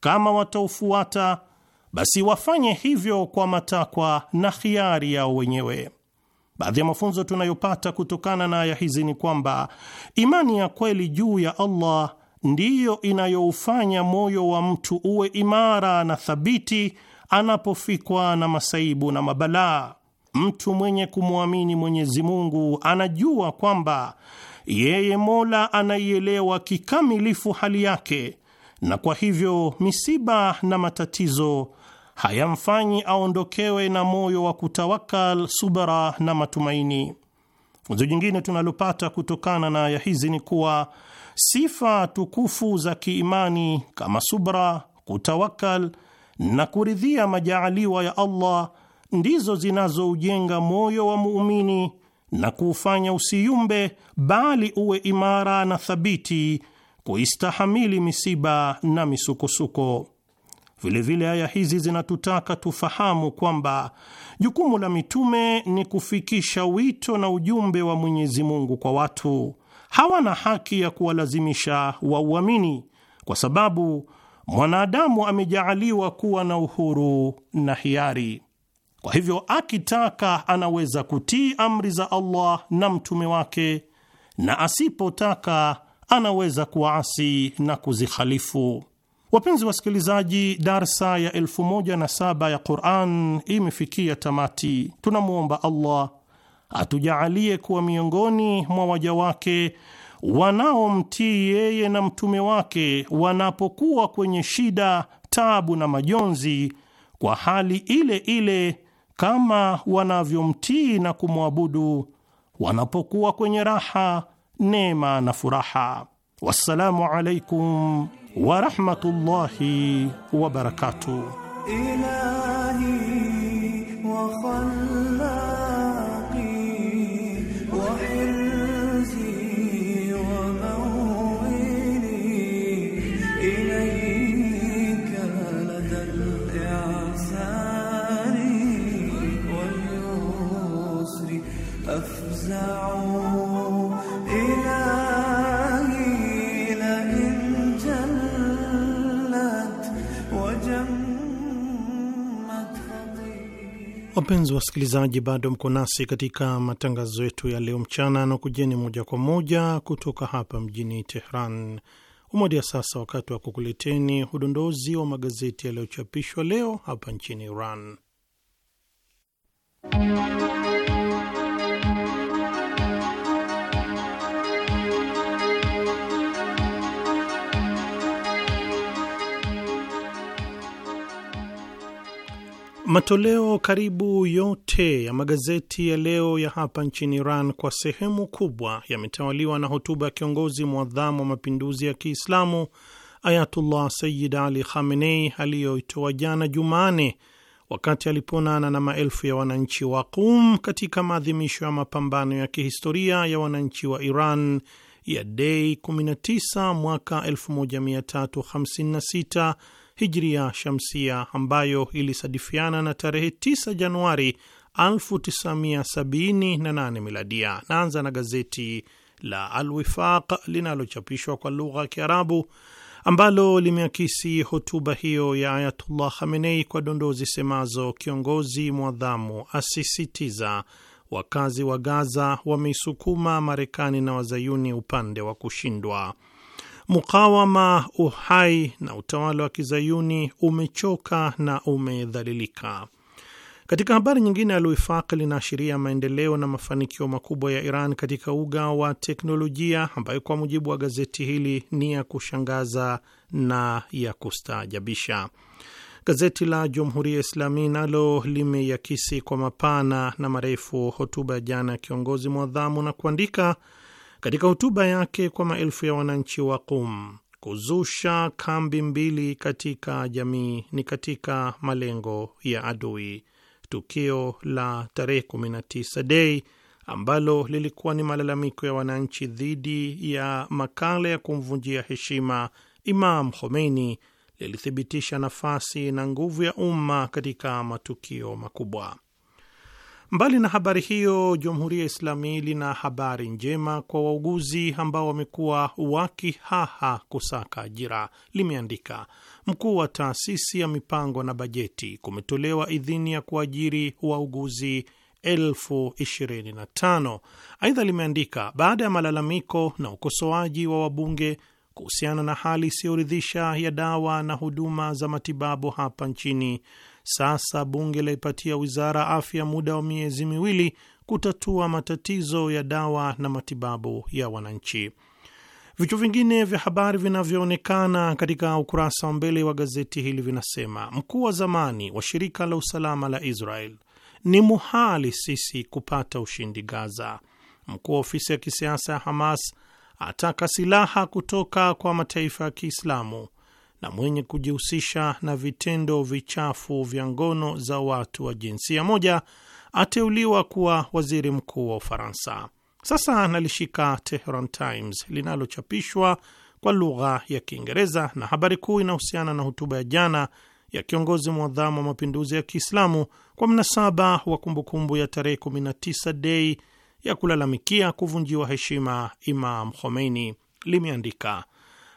Kama wataufuata, basi wafanye hivyo kwa matakwa na khiari yao wenyewe. Baadhi ya mafunzo tunayopata kutokana na aya hizi ni kwamba imani ya kweli juu ya Allah ndiyo inayoufanya moyo wa mtu uwe imara na thabiti anapofikwa na masaibu na mabalaa. Mtu mwenye kumwamini Mwenyezi Mungu anajua kwamba yeye Mola anaielewa kikamilifu hali yake, na kwa hivyo misiba na matatizo hayamfanyi aondokewe na moyo wa kutawakal, subra na matumaini. Funzo jingine tunalopata kutokana na aya hizi ni kuwa sifa tukufu za kiimani kama subra, kutawakal na kuridhia majaaliwa ya Allah ndizo zinazoujenga moyo wa muumini na kuufanya usiyumbe, bali uwe imara na thabiti kuistahamili misiba na misukosuko. Vilevile aya hizi zinatutaka tufahamu kwamba jukumu la mitume ni kufikisha wito na ujumbe wa Mwenyezi Mungu kwa watu. Hawana haki ya kuwalazimisha wauamini, kwa sababu mwanadamu amejaaliwa kuwa na uhuru na hiari. Kwa hivyo akitaka anaweza kutii amri za Allah na mtume wake, na asipotaka anaweza kuasi na kuzikhalifu. Wapenzi wasikilizaji, darsa ya elfu moja na saba ya Quran imefikia tamati. Tunamwomba Allah atujaalie kuwa miongoni mwa waja wake wanaomtii yeye na mtume wake wanapokuwa kwenye shida, tabu na majonzi, kwa hali ile ile kama wanavyomtii na kumwabudu wanapokuwa kwenye raha, neema na furaha. Wassalamu alaikum warahmatullahi wabarakatuh. Wapenzi wasikilizaji, bado mko nasi katika matangazo yetu ya leo mchana na kujeni moja kwa moja kutoka hapa mjini Tehran. Umoja sasa, wakati wa kukuleteni udondozi wa magazeti yaliyochapishwa leo hapa nchini Iran. Matoleo karibu yote ya magazeti ya leo ya hapa nchini Iran kwa sehemu kubwa yametawaliwa na hotuba ya kiongozi mwadhamu wa mapinduzi ya Kiislamu Ayatullah Sayyid Ali Khamenei aliyoitoa jana Jumane wakati aliponana na maelfu ya wananchi wa Qum katika maadhimisho ya mapambano ya kihistoria ya wananchi wa Iran ya Dei 19 mwaka 1356 hijria shamsia ambayo ilisadifiana na tarehe 9 Januari 1978 miladia. Naanza na gazeti la Alwifaq linalochapishwa kwa lugha ya Kiarabu ambalo limeakisi hotuba hiyo ya Ayatullah Khamenei kwa dondoo zisemazo: kiongozi mwadhamu asisitiza wakazi wa Gaza wameisukuma Marekani na wazayuni upande wa kushindwa mukawama, uhai na utawala wa kizayuni umechoka na umedhalilika. Katika habari nyingine, al linaashiria maendeleo na mafanikio makubwa ya Iran katika uga wa teknolojia ambayo kwa mujibu wa gazeti hili ni ya kushangaza na ya kustaajabisha. Gazeti la jumhuria ya Islami nalo limeyakisi kwa mapana na marefu hotuba ya jana ya kiongozi mwadhamu na kuandika katika hotuba yake kwa maelfu ya wananchi wa Qum, kuzusha kambi mbili katika jamii ni katika malengo ya adui. Tukio la tarehe 19 Dei ambalo lilikuwa ni malalamiko ya wananchi dhidi ya makala ya kumvunjia heshima Imam Khomeini lilithibitisha nafasi na nguvu ya umma katika matukio makubwa. Mbali na habari hiyo, Jamhuri ya Islami lina habari njema kwa wauguzi ambao wamekuwa wakihaha kusaka ajira. Limeandika, mkuu wa taasisi ya mipango na bajeti, kumetolewa idhini ya kuajiri wauguzi elfu ishirini na tano. Aidha limeandika, baada ya malalamiko na ukosoaji wa wabunge kuhusiana na hali isiyoridhisha ya dawa na huduma za matibabu hapa nchini sasa bunge laipatia wizara afya muda wa miezi miwili kutatua matatizo ya dawa na matibabu ya wananchi. Vichwa vingine vya habari vinavyoonekana katika ukurasa wa mbele wa gazeti hili vinasema mkuu wa zamani wa shirika la usalama la Israel ni muhali sisi kupata ushindi Gaza. Mkuu wa ofisi ya kisiasa ya Hamas ataka silaha kutoka kwa mataifa ya Kiislamu na mwenye kujihusisha na vitendo vichafu vya ngono za watu wa jinsia moja ateuliwa kuwa waziri mkuu wa Ufaransa. Sasa nalishika Tehran Times linalochapishwa kwa lugha ya Kiingereza, na habari kuu inahusiana na hotuba ya jana ya kiongozi mwadhamu wa mapinduzi ya Kiislamu kwa mnasaba wa kumbukumbu ya tarehe 19 Dei ya kulalamikia kuvunjiwa heshima Imam Khomeini. Limeandika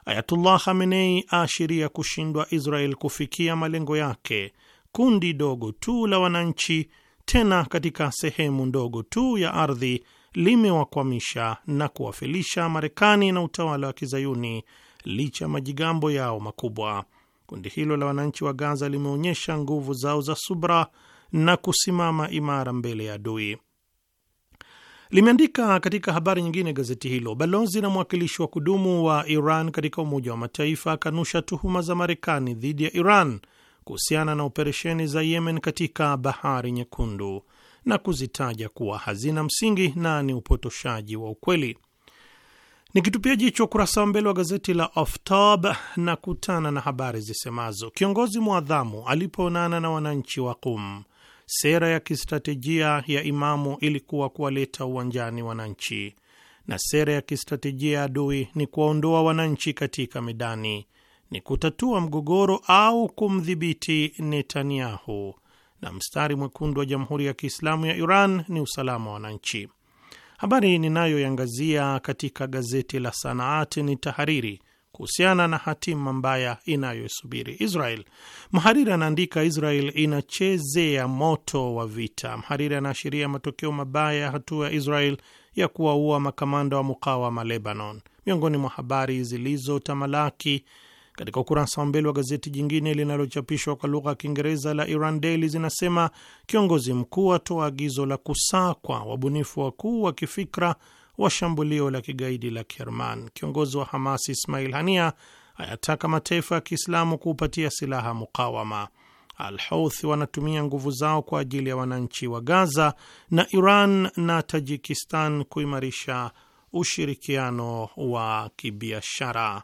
Ayatullah Hamenei aashiria kushindwa Israel kufikia malengo yake, kundi dogo tu la wananchi, tena katika sehemu ndogo tu ya ardhi, limewakwamisha na kuwafilisha Marekani na utawala wa Kizayuni licha majigambo yao makubwa. Kundi hilo la wananchi wa Gaza limeonyesha nguvu zao za subra na kusimama imara mbele ya adui. Limeandika katika habari nyingine gazeti hilo, balozi na mwakilishi wa kudumu wa Iran katika Umoja wa Mataifa akanusha tuhuma za Marekani dhidi ya Iran kuhusiana na operesheni za Yemen katika Bahari Nyekundu na kuzitaja kuwa hazina msingi na ni upotoshaji wa ukweli. Nikitupia jicho ukurasa wa mbele wa gazeti la Aftab na kutana na habari zisemazo kiongozi mwadhamu alipoonana na wananchi wa Qum sera ya kistratejia ya Imamu ilikuwa kuwaleta uwanjani wananchi, na sera ya kistratejia ya adui ni kuwaondoa wananchi katika medani, ni kutatua mgogoro au kumdhibiti Netanyahu, na mstari mwekundu wa Jamhuri ya Kiislamu ya Iran ni usalama wa wananchi. Habari ninayoiangazia katika gazeti la Sanaati ni tahariri kuhusiana na hatima mbaya inayoisubiri Israel. Mhariri anaandika, Israel inachezea moto wa vita. Mhariri anaashiria matokeo mabaya ya hatua ya Israel ya kuwaua makamanda wa mukawama Lebanon. Miongoni mwa habari zilizotamalaki katika ukurasa wa mbele wa gazeti jingine linalochapishwa kwa lugha ya Kiingereza la Iran Daily zinasema kiongozi mkuu atoa agizo la kusakwa wabunifu wakuu wa kifikra wa shambulio la kigaidi la Kerman. Kiongozi wa Hamas Ismail Hania ayataka mataifa ya Kiislamu kuupatia silaha mukawama. Al Houth wanatumia nguvu zao kwa ajili ya wananchi wa Gaza, na Iran na Tajikistan kuimarisha ushirikiano wa kibiashara.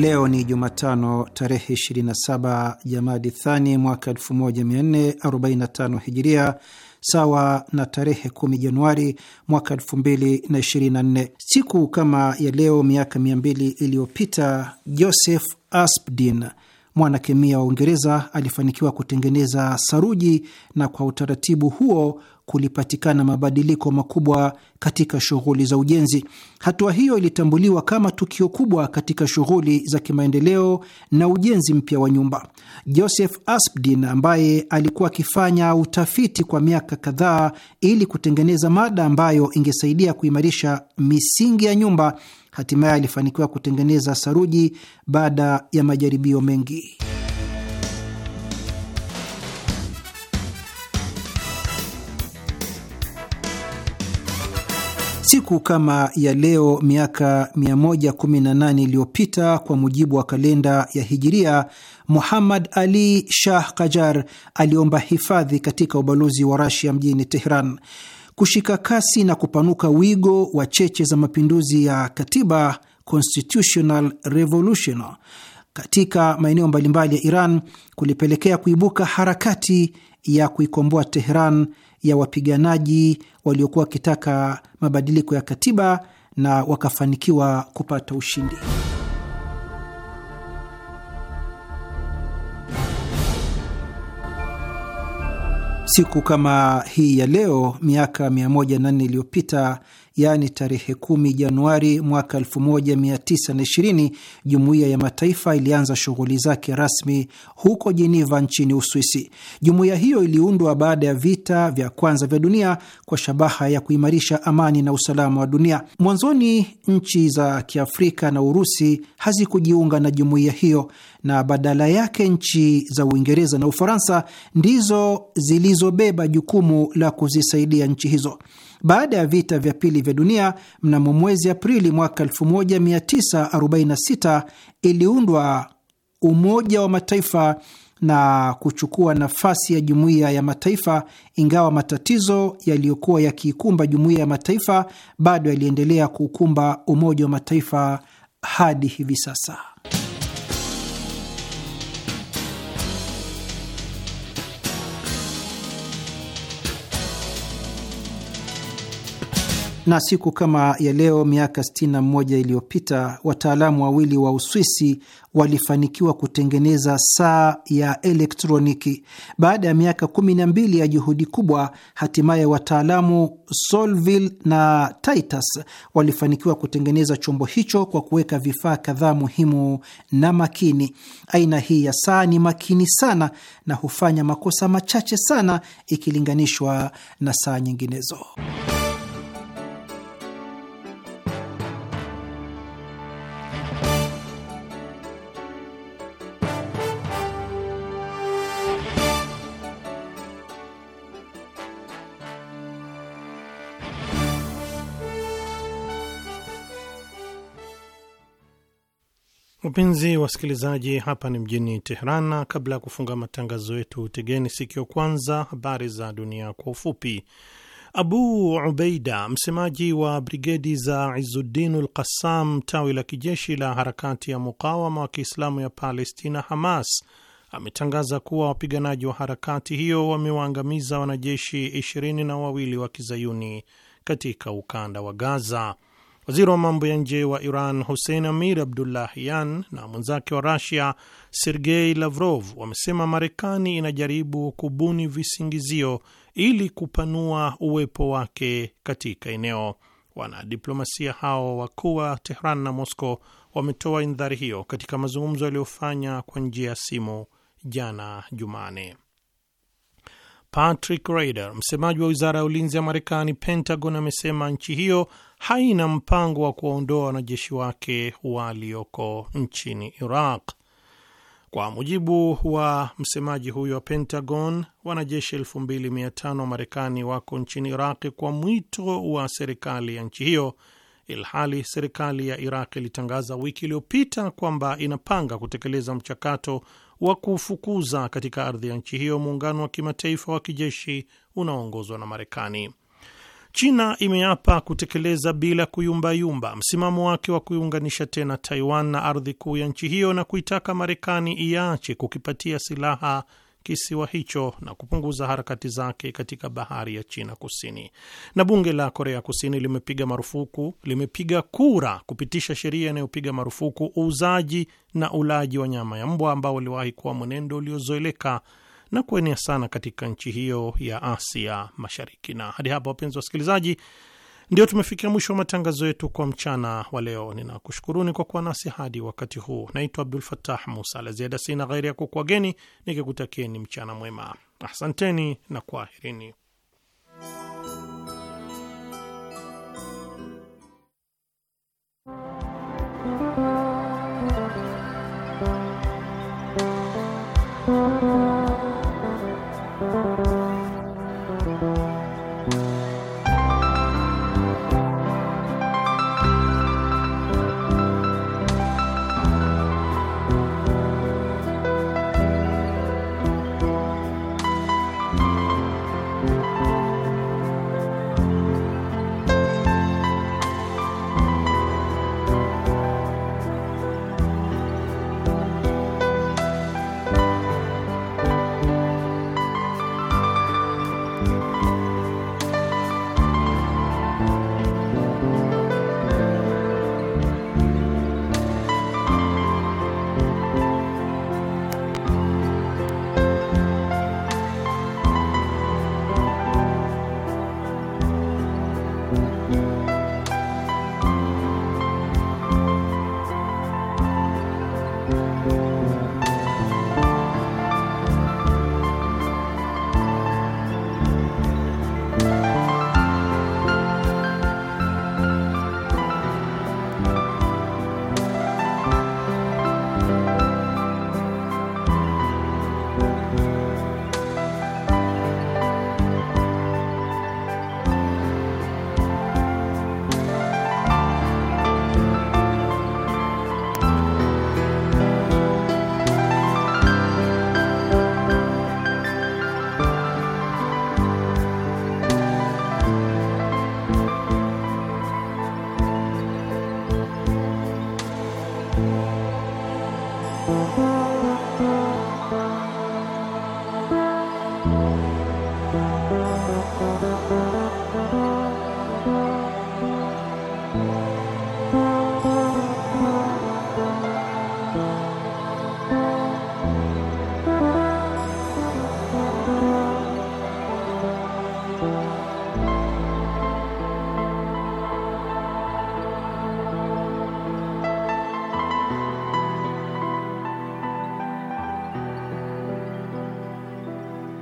Leo ni Jumatano, tarehe 27 Jamadi Thani mwaka 1445 Hijiria, sawa na tarehe 10 Januari mwaka 2024. Siku kama ya leo miaka 200 iliyopita, Joseph Aspdin, mwanakemia wa Uingereza, alifanikiwa kutengeneza saruji na kwa utaratibu huo kulipatikana mabadiliko makubwa katika shughuli za ujenzi. Hatua hiyo ilitambuliwa kama tukio kubwa katika shughuli za kimaendeleo na ujenzi mpya wa nyumba. Joseph Aspdin ambaye alikuwa akifanya utafiti kwa miaka kadhaa ili kutengeneza mada ambayo ingesaidia kuimarisha misingi ya nyumba, hatimaye alifanikiwa kutengeneza saruji baada ya majaribio mengi. Siku kama ya leo miaka 118 iliyopita kwa mujibu wa kalenda ya Hijiria, Muhammad Ali Shah Kajar aliomba hifadhi katika ubalozi wa Rasia mjini Teheran. Kushika kasi na kupanuka wigo wa cheche za mapinduzi ya katiba Constitutional Revolution katika maeneo mbalimbali ya Iran kulipelekea kuibuka harakati ya kuikomboa Teheran ya wapiganaji waliokuwa wakitaka mabadiliko ya katiba na wakafanikiwa kupata ushindi. Siku kama hii ya leo miaka 104 iliyopita yaani tarehe 10 Januari mwaka 1920 jumuiya ya mataifa ilianza shughuli zake rasmi huko Jeniva nchini Uswisi. Jumuiya hiyo iliundwa baada ya vita vya kwanza vya dunia kwa shabaha ya kuimarisha amani na usalama wa dunia. Mwanzoni nchi za Kiafrika na Urusi hazikujiunga na jumuiya hiyo, na badala yake nchi za Uingereza na Ufaransa ndizo zilizobeba jukumu la kuzisaidia nchi hizo. Baada ya vita vya pili vya dunia, mnamo mwezi Aprili mwaka 1946 iliundwa Umoja wa Mataifa na kuchukua nafasi ya Jumuiya ya Mataifa, ingawa matatizo yaliyokuwa yakiikumba Jumuiya ya Mataifa bado yaliendelea kuukumba Umoja wa Mataifa hadi hivi sasa. na siku kama ya leo miaka 61 iliyopita wataalamu wawili wa Uswisi walifanikiwa kutengeneza saa ya elektroniki. Baada ya miaka 12 ya juhudi kubwa, hatimaye wataalamu Solville na Titus walifanikiwa kutengeneza chombo hicho kwa kuweka vifaa kadhaa muhimu na makini. Aina hii ya saa ni makini sana na hufanya makosa machache sana ikilinganishwa na saa nyinginezo. Wapenzi wasikilizaji, hapa ni mjini Teheran, na kabla ya kufunga matangazo yetu, tegeni sikio kwanza habari za dunia kwa ufupi. Abu Ubeida, msemaji wa brigedi za Izuddin ul Qassam, tawi la kijeshi la harakati ya mukawama wa Kiislamu ya Palestina, Hamas, ametangaza kuwa wapiganaji wa harakati hiyo wamewaangamiza wanajeshi ishirini na wawili wa kizayuni katika ukanda wa Gaza. Waziri wa mambo ya nje wa Iran Hussein Amir Abdullahian na mwenzake wa Rusia Sergei Lavrov wamesema Marekani inajaribu kubuni visingizio ili kupanua uwepo wake katika eneo. Wanadiplomasia hao wakuu wa Tehran na Moscow wametoa indhari hiyo katika mazungumzo yaliyofanya kwa njia ya simu jana Jumane. Patrick Rader, msemaji wa wizara ya ulinzi ya Marekani, Pentagon, amesema nchi hiyo haina mpango wa kuwaondoa wanajeshi wake walioko nchini Iraq. Kwa mujibu wa msemaji huyo wa Pentagon, wanajeshi 2500 wa Marekani wako nchini iraq kwa mwito wa serikali ya nchi hiyo, ilhali serikali ya Iraq ilitangaza wiki iliyopita kwamba inapanga kutekeleza mchakato wa kufukuza katika ardhi ya nchi hiyo muungano wa kimataifa wa kijeshi unaoongozwa na Marekani. China imeapa kutekeleza bila kuyumbayumba msimamo wake wa kuiunganisha tena Taiwan na ardhi kuu ya nchi hiyo na kuitaka Marekani iache kukipatia silaha kisiwa hicho na kupunguza harakati zake katika bahari ya China Kusini. Na bunge la Korea Kusini limepiga marufuku limepiga kura kupitisha sheria inayopiga marufuku uuzaji na ulaji wa nyama ya mbwa ambao uliwahi kuwa mwenendo uliozoeleka na kuenea sana katika nchi hiyo ya Asia Mashariki. Na hadi hapa, wapenzi wa wasikilizaji, ndio tumefikia mwisho wa matangazo yetu kwa mchana wa leo. Ninakushukuruni kwa kuwa nasi hadi wakati huu. Naitwa Abdul Fattah Musa. La ziada sina ghairi ya kukuageni nikikutakieni mchana mwema. Asanteni na kwaherini.